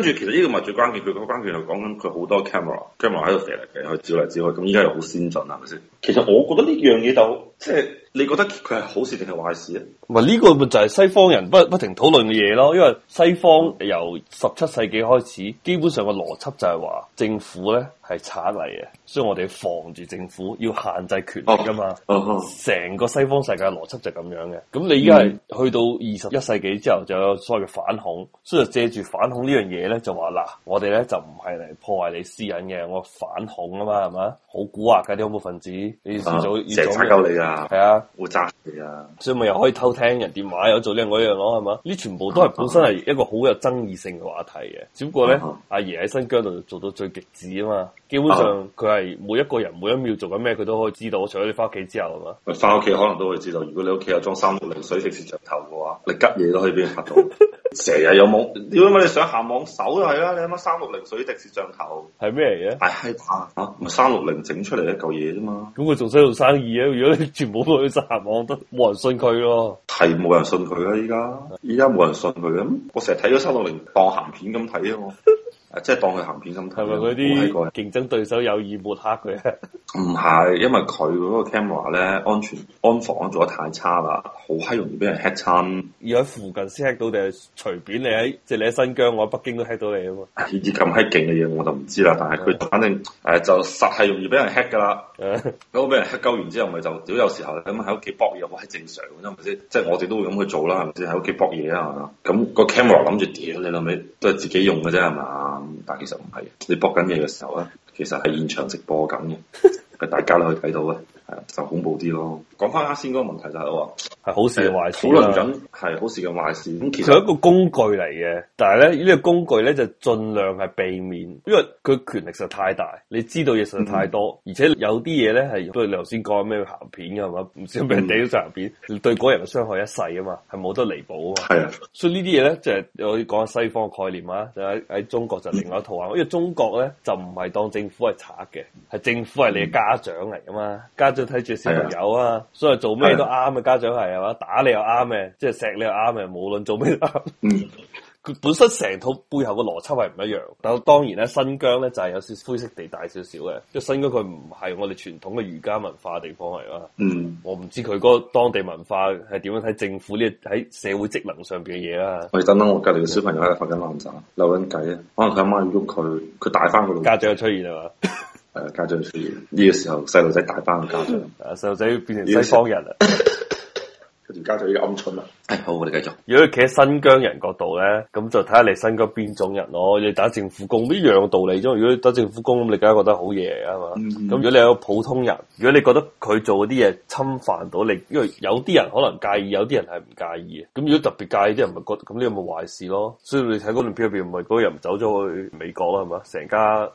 跟住，其實呢個咪最關鍵，佢個關鍵就講緊佢好多 camera，camera 喺度射嚟射去照嚟照去。咁依家又好先進，係咪先？其實我覺得呢樣嘢就即係。你覺得佢係好事定係壞事啊？唔係，呢個就係西方人不不停討論嘅嘢咯，因為西方由十七世紀開始，基本上嘅邏輯就係話政府咧係賊嚟嘅，所以我哋防住政府，要限制權力噶嘛成、啊啊啊、個西方世界邏輯就係咁樣嘅。咁你而家係去到二十一世紀之後，就有所謂反恐，所以就借住反恐呢樣嘢咧，就話，嗱，我哋咧就唔係嚟破壞你私隱嘅，我反恐啊嘛，係咪？好蠱惑嘅啲恐怖分子，你越早越早、啊、夠你噶係啊。我詐事啊！所以咪又可以偷聽人電話，又做呢樣嗰樣咯，係嘛？呢全部都係本身係一個好有爭議性嘅話題嘅。只不過咧，阿爺喺新疆度做到最極致啊嘛！基本上佢係每一個人每一秒做緊咩，佢都可以知道。除咗你翻屋企之後，係嘛？翻屋企可能都會知道。如果你屋企有裝三六零水滴攝像頭嘅話，你急嘢都可以俾人拍到。 成日有冇？如果媽！你想下網搜就係啦，你諗下三六零水滴攝像頭係咩嚟嘅？係閪打吓，咪三六零整出嚟一嚿嘢啫嘛。咁佢仲想做生意啊？如果你全部都去晒下網都冇人信佢咯，係冇人信佢啦！依家依家冇人信佢，咁我成日睇咗三六零當鹹片咁睇啊我。 即係當佢行偏心態啲競爭對手有意抹黑佢，唔係，因為佢嗰個 camera 咧，安全安防做得太差啦，好閪容易俾人 hack 親，要喺附近先 hack 到，定係隨便你喺即係你喺新疆，我喺北京都 hack 到你啊！嘛。設咁閪勁嘅嘢，我就唔知啦。的但係佢，反正誒、呃、就實係容易俾人 hack 噶啦。嗰個俾人 hack 鳩完之後，咪就屌有時候咁喺屋企博嘢我係正常，咁係咪先？即係我哋都會咁去做啦，係唔係先喺屋企博嘢啊？咁個 camera 諗住屌你老味，都係自己用嘅啫，係嘛？但其實唔係，你播緊嘢嘅時候咧，其實係現場直播緊嘅，大家都可以睇到嘅。就恐怖啲咯。講翻啱先嗰個問題就係話係好事嘅壞事，啊欸、事，事，討論緊係好事嘅壞事。咁其實一個工具嚟嘅，但係咧呢、這個工具咧就盡、是、量係避免，因為佢權力實在太大，你知道嘢實在太多，嗯、而且有啲嘢咧係，都係頭先講咩鹹片噶、嗯、嘛，唔小心俾人掉咗集片，對嗰人嘅傷害一世啊嘛，係冇得彌補啊嘛。係啊，所以呢啲嘢咧就係、是、我講下西方嘅概念啊，就喺、是、喺中國就另外一套啊。嗯、因為中國咧就唔係當政府係賊嘅，係政府係你嘅家長嚟噶嘛，家長睇住小朋友啊，所以的做咩都啱啊！的家長係係嘛，打你又啱嘅，即係錫你又啱嘅，無論做咩都啱。佢、嗯、本身成套背後嘅邏輯係唔一樣。但係當然咧，新疆咧就係有少灰色地帶少少嘅，即係新疆佢唔係我哋傳統嘅儒家文化地方嚟啊。嗯，我唔知佢嗰個當地文化係點樣睇政府呢？喺社會職能上邊嘅嘢啊！我哋等等我隔籬嘅小朋友喺度發緊爛渣，留緊偈啊！可能佢阿媽喐佢，佢帶返個家長出現係嘛？ 誒、啊，家長出現呢個時候，細路仔大班嘅家長，誒、啊，細路仔變成西方人啦，跟住 家長要鵪鶉啦。這個哎、好，我哋繼續。如果企喺新疆人角度咧，咁就睇下你新疆邊種人咯。你打政府工，一樣道理啫。如果你打政府工，你梗係覺得好嘢啊嘛。咁、嗯、如果你係個普通人，如果你覺得佢做嗰啲嘢侵犯到你，因為有啲人可能介意，有啲人係唔介意嘅。咁如果特別介意啲人，咪覺得咁你有冇壞事咯？所以你睇嗰段片入邊，咪、那、嗰、個、人走咗去美國啦，係嘛？成家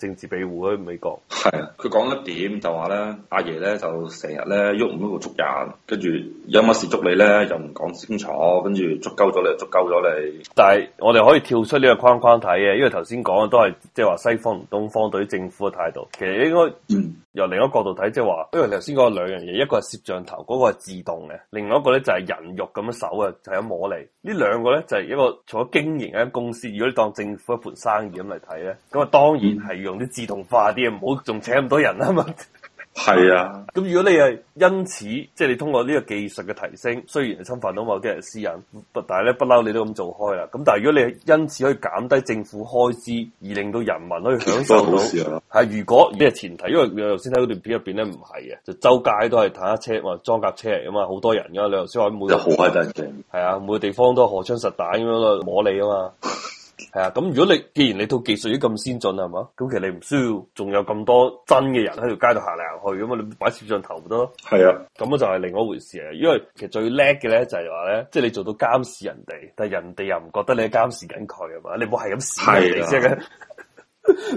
政治庇護喺美國。係、嗯嗯嗯、啊，佢講得點就話咧，阿爺咧就成日咧喐唔喐就捉人，跟住有乜事捉你咧就唔講。講清楚，跟住足夠咗你，足夠咗你。但係我哋可以跳出呢個框框睇嘅，因為頭先講嘅都係即係話西方同東方對於政府嘅態度。其實應該由另一個角度睇，即係話，因為頭先嗰兩樣嘢，一個係攝像頭，嗰個係自動嘅，另外一個咧就係人肉咁樣手就係、是、咁摸嚟。呢兩個咧就係一個，除咗經營一間公司，如果你當政府一盤生意咁嚟睇咧，咁啊，當然係用啲自動化啲嘢，唔好仲請咁多人啦嘛。 係啊，咁如果你係因此，即係你通過呢個技術嘅提升，雖然係侵犯到某啲人私隱，但係咧不嬲你都咁做開啦。咁但係如果你因此可以減低政府開支，而令到人民可以享受到，係啊，如果咩前提？因為你頭先睇嗰段片入邊咧唔係啊，就周街都係坦克車或裝甲車嚟噶嘛，好多人噶、啊，你又先話每就好係啊，每個地方都係荷槍實彈咁樣嚟摸你啊嘛。 係啊，咁如果你既然你套技術已經咁先進係嘛，咁其實你唔需要仲有咁多真嘅人喺條街度行嚟行去咁啊，你擺攝像頭咪得咯。係啊，咁啊就係另外一回事啊，因為其實最叻嘅咧就係話咧，即係你做到監視人哋，但係人哋又唔覺得你監視緊佢啊嘛，你冇係咁閃你先嘅，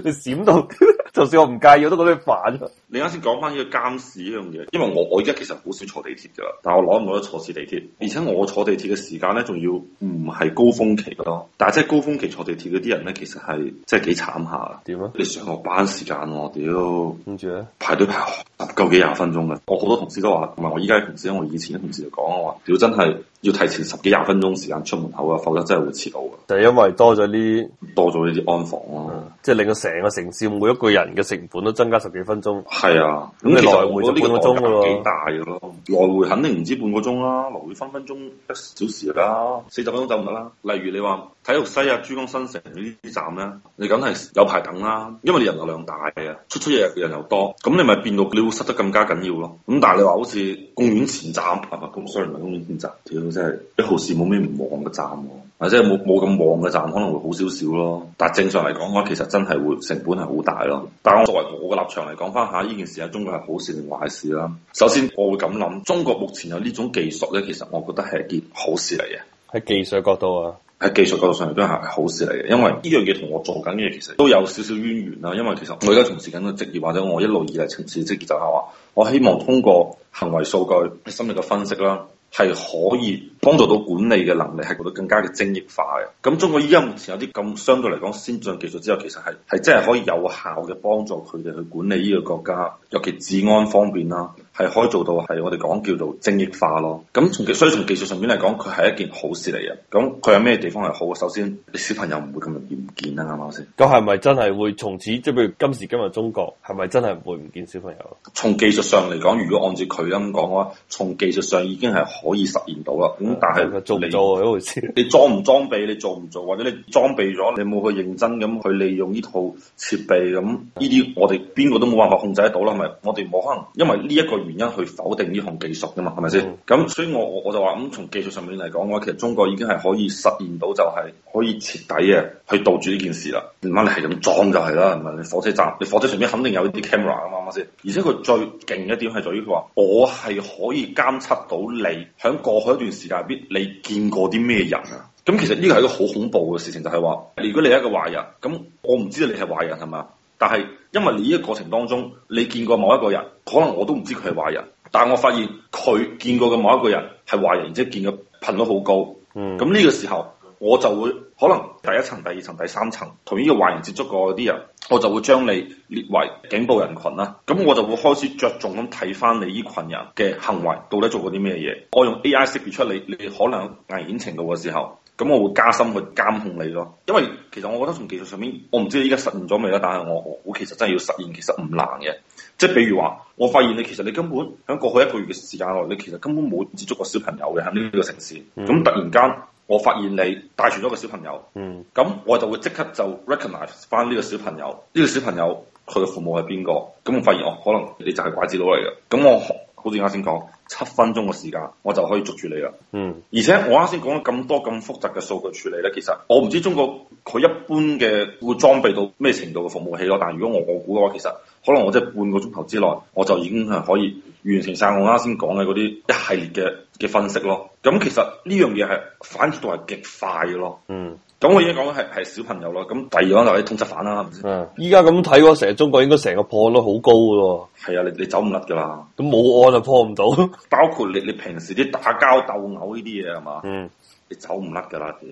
你閃到， 就算我唔介意，我都覺得煩啊。你啱先講翻呢個監視呢樣嘢，因為我我依家其實好少坐地鐵㗎啦，但係我攞唔攞得坐次地鐵，而且我坐地鐵嘅時間咧，仲要唔係高峰期㗎咯。的但係即係高峰期坐地鐵嗰啲人咧，其實係即係幾慘下。點啊樣？你上落班時間喎，屌。跟住咧，排隊排十幾廿分鐘㗎。我好多同事都話，同埋我依家同事咧，因為我以前啲同事就講啊，話屌真係要提前十幾廿分鐘時間出門口啊，否則真係會遲到㗎。就係因為多咗啲，多咗呢啲安防咯，即係令到成個城市每一個人嘅成本都增加十幾分鐘。係啊，咁你實我呢個來回個鐘幾大嘅咯，了來回肯定唔止半個鐘啦，啊，來回分分鐘一小時啦，啊、四十分鐘走唔得啦。例如你話體育西啊、珠江新城呢啲站咧，你梗係有排等啦，因為你人流量大啊，出出入入嘅人又多，咁你咪變到你會塞得更加緊要咯。咁但係你話好似公園前站啊，唔咁衰唔係公園前站，屌真係一號線冇咩唔忙嘅站喎。或者冇冇咁旺嘅站，可能會好少少咯。但正常嚟講嘅話，其實真係會成本係好大咯。但係我作為我嘅立場嚟講，翻下呢件事喺中國係好事定壞事啦。首先，我會咁諗：中國目前有呢種技術咧，其實我覺得係一件好事嚟嘅。喺技術角度啊，喺技術角度上嚟都係好事嚟嘅，因為呢樣嘢同我做緊嘅嘢其實都有少少淵源啦。因為其實我而家從事緊嘅職業，或者我一路以來從事嘅職業就係話，我希望通過行為數據、心理嘅分析啦，係可以。幫助到管理嘅能力係覺得更加嘅精益化嘅。咁中國依家目前有啲咁相對嚟講先進技術之後，其實係係真係可以有效嘅幫助佢哋去管理呢個國家，尤其治安方面啦，係可以做到係我哋講叫做精益化咯。咁從所以從技術上面嚟講，佢係一件好事嚟嘅。咁佢有咩地方係好？首先，你小朋友唔會咁容易唔見呀，啱唔啱先？咁係咪真係會從此即係譬如今時今日中國係咪真係會唔見小朋友？從技術上嚟講，如果按照佢咁講嘅話，從技術上已經係可以實現到啦。咁但係做唔做一回事？你裝唔裝備，你做唔做， 做，做，或者你裝備咗，你冇去認真咁去利用呢套設備咁？呢啲我哋邊個都冇辦法控制得到啦。係咪我哋冇可能因為呢一個原因去否定呢項技術噶嘛？係咪先？咁、嗯、所以我我我就話咁，從技術上面嚟講嘅話，我其實中國已經係可以實現到就係可以徹底嘅去堵住呢件事啦。唔啱，你係咁裝就係啦。係咪？你火車站，你火車上面肯定有呢啲 camera 啊嘛，啱唔啱先？而且佢最勁一點係在於佢話我係可以監測到你響過去一段時間。你見過啲咩人啊？咁其實呢個係一個好恐怖嘅事情，就係話，如果你係一個壞人，咁我唔知道你係壞人係咪？但係因為呢個過程當中，你見過某一個人，可能我都唔知佢係壞人，但我發現佢見過嘅某一個人係壞人，而且見嘅頻率好高。嗯，咁呢個時候。我就會可能第一層、第二層、第三層同呢個壞人接觸過啲人，我就會將你列為警報人群啦。咁我就會開始着重咁睇翻你呢群人嘅行為到底做過啲咩嘢。我用 AI 識別出你你可能有危險程度嘅時候，咁我會加深去監控你咯。因為其實我覺得從技術上面，我唔知依家實現咗未啦。但係我我其實真係要實現，其實唔難嘅。即係比如話，我發現你其實你根本喺過去一個月嘅時間內，你其實根本冇接觸過小朋友嘅喺呢個城市。咁突然間。我發現你帶住咗個小朋友，嗯，咁我就會即刻就 recognize 翻呢個小朋友，呢、呢個小朋友佢嘅父母係邊個？咁我發現哦，可能你就係拐子佬嚟嘅，咁我好似啱先講。七分鐘嘅時間，我就可以捉住你啦。嗯，而且我啱先講咗咁多咁複雜嘅數據處理咧，其實我唔知中國佢一般嘅會裝備到咩程度嘅服務器咯。但係如果我估嘅話，其實可能我即係半個鐘頭之內，我就已經係可以完成晒我啱先講嘅嗰啲一系列嘅嘅分析咯。咁其實呢樣嘢係反應度係極快嘅咯。嗯，咁我已經講緊係係小朋友咯。咁第二樣就係啲通緝犯啦，係唔係先？依家咁睇嘅話，成日中國應該成個破案率好高嘅喎。係啊，你你走唔甩㗎啦。咁冇案就破唔到。包括你你平時啲打交鬥毆呢啲嘢係嘛？嗯，你走唔甩噶啦，屌！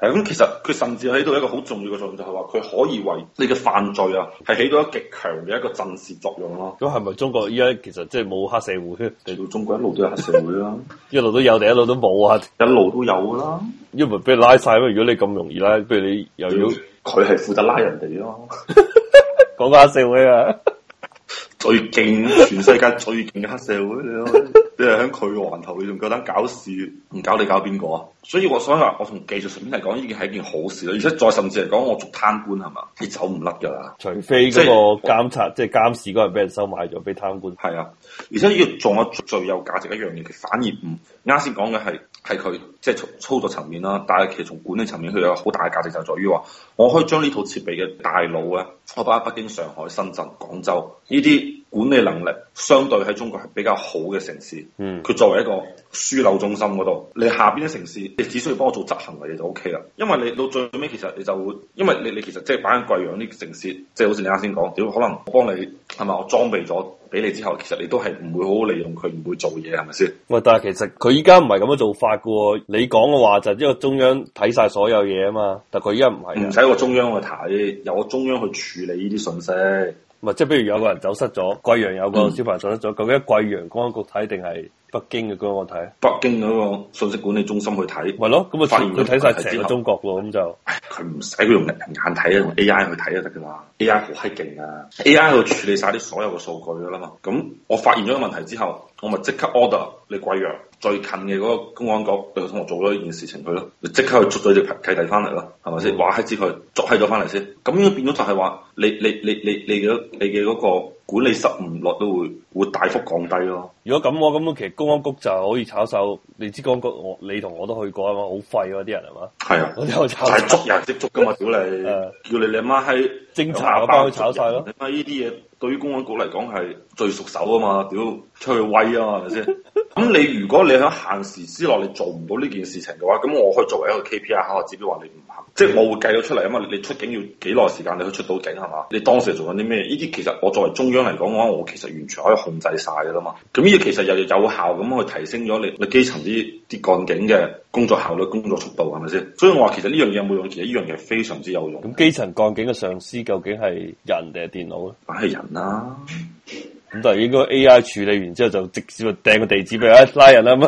係咁，其實佢甚至起到一個好重要嘅作用，就係話佢可以為你嘅犯罪啊，係起到一個極強嘅一個震懾作用咯。咁係咪中國依家其實即係冇黑社會？嚟到中國一路都有黑社會啦， 一路都，都有定一路都冇啊？一路都有噶啦，一唔係俾你拉晒如果你咁容易拉，不如你又要佢係負責拉人哋咯？講 黑社會啊， 最勁全世界最勁嘅黑社會 你係喺佢個環頭，你仲夠膽搞事？唔搞你，搞邊個啊？所以我想話，我從技術層面嚟講，呢件係一件好事啦。而且再甚至嚟講，我做貪官係嘛？你走唔甩噶啦，除非嗰個監察即係監視嗰人俾人收買咗，俾貪官。係啊，而且要做下最有價值一樣嘢，其實反而唔啱先講嘅係係佢即係從操作層面啦。但係其實從管理層面，佢有好大嘅價值就係在於話，我可以將呢套設備嘅大腦啊，我擺喺北京、上海、深圳、廣州呢啲，管理能力相對喺中國係比較好嘅城市，佢、嗯、作為一個樞紐中心嗰度，你下邊啲城市，你只需要幫我做執行嘅嘢就 O K 啦。因為你到最尾其實你就會，因為你你其實即係擺喺貴陽啲城市，即係好似你啱先講，屌可能我幫你係咪？我裝備咗俾你之後，其實你都係唔會好好利用佢，唔會做嘢係咪先？喂！但係其實佢依家唔係咁樣做法噶喎，你講嘅話就因為中央睇晒所有嘢啊嘛。但佢依家唔係，唔使一個中央去睇，有個中央去處理呢啲信息。唔即係比如有個人走失咗，貴陽有個小朋友走失咗，嗯、究竟喺貴陽公安局睇定係北京嘅公安局睇？北京嗰個信息管理中心去睇，咪咯，咁啊發現佢睇晒成個中國喎，咁後就佢唔使佢用人眼睇啊，用 A I 去睇就得噶嘛，A I 好閪勁啊，A I 去處理晒啲所有嘅數據啦嘛，咁我發現咗個問題之後，我咪即刻 order 你貴陽。最近嘅嗰個公安局對佢同學做咗呢件事情佢咯，你即刻去捉咗條契弟翻嚟咯，係咪先？話係知佢捉係咗翻嚟先，咁樣變咗就係話你你你你嘅你嘅你嘅嗰個。管理失誤率都會會大幅降低咯。如果咁我咁樣，其實公安局就可以炒手。你知公安局我你同我都去過啊嘛，好廢啊啲人係嘛。係啊，啊我就係捉人即捉噶嘛，屌你！叫你 叫你，你媽媽征茶 阿媽閪偵查幫佢炒曬咯去人。你媽呢啲嘢對於公安局嚟講係最熟手啊嘛，屌出去威啊嘛，係咪先？咁 你如果你喺限時之內，你做唔到呢件事情嘅話，咁我可以作為一個 KPI 喺我指標話你。即係我會計到出嚟啊嘛，你出警要幾耐時間，你去出到警係嘛？你當時做緊啲咩？呢啲其實我作為中央嚟講嘅話，我其實完全可以控制晒噶啦嘛。咁呢啲其實又有效咁去提升咗你你基層啲啲幹警嘅工作效率、工作速度係咪先？所以我話其實呢樣嘢有冇用，其實呢樣嘢非常之有用。咁基層幹警嘅上司究竟係人定係電腦咧？係人啦、啊，咁但係應該 AI 處理完之後就直接掟個地址俾佢拉人啦、啊、嘛？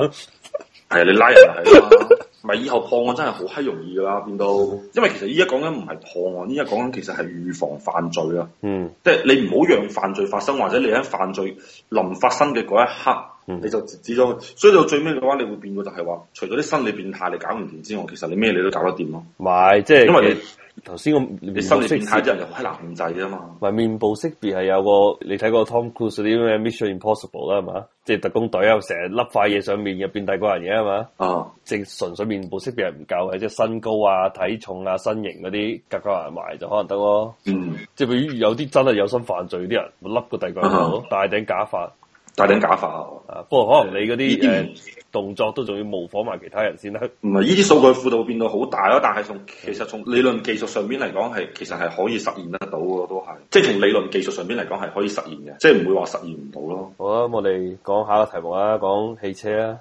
係 啊，你拉人啊？ 唔係，以後破案真係好閪容易噶啦，變到，因為其實依家講緊唔係破案，依家講緊其實係預防犯罪啊。嗯，即係你唔好讓犯罪發生，或者你喺犯罪臨發生嘅嗰一刻，嗯、你就截止咗。所以到最尾嘅話，你會變到就係話，除咗啲心理變態你搞唔掂之外，其實你咩你都搞得掂咯。唔係，即係因為你。頭先我你心裏面人又困難唔制啊嘛，唔面部識別係有個你睇過 Tom Cruise 啲咩 Mission Impossible 啦係嘛，即係特工隊啊，成日笠塊嘢上,上面入面第個人嘢係嘛，哦、uh huh.，即係純粹面部識別係唔夠，係即係身高啊、體重啊、身形嗰啲夾夾埋埋就可能得咯，uh huh. 即係比如有啲真係有心犯罪啲人，咪笠個第個人，大頂假髮。戴頂假髮啊！不過可能你嗰啲誒動作都仲要模仿埋其他人先啦。唔係呢啲數據幅度變到好大咯，但係從其實從理論技術上邊嚟講係其實係可以實現得到嘅，都係即係從理論技術上邊嚟講係可以實現嘅，即係唔會話實現唔到咯。好啦，我哋講下個題目啊，講汽車啊。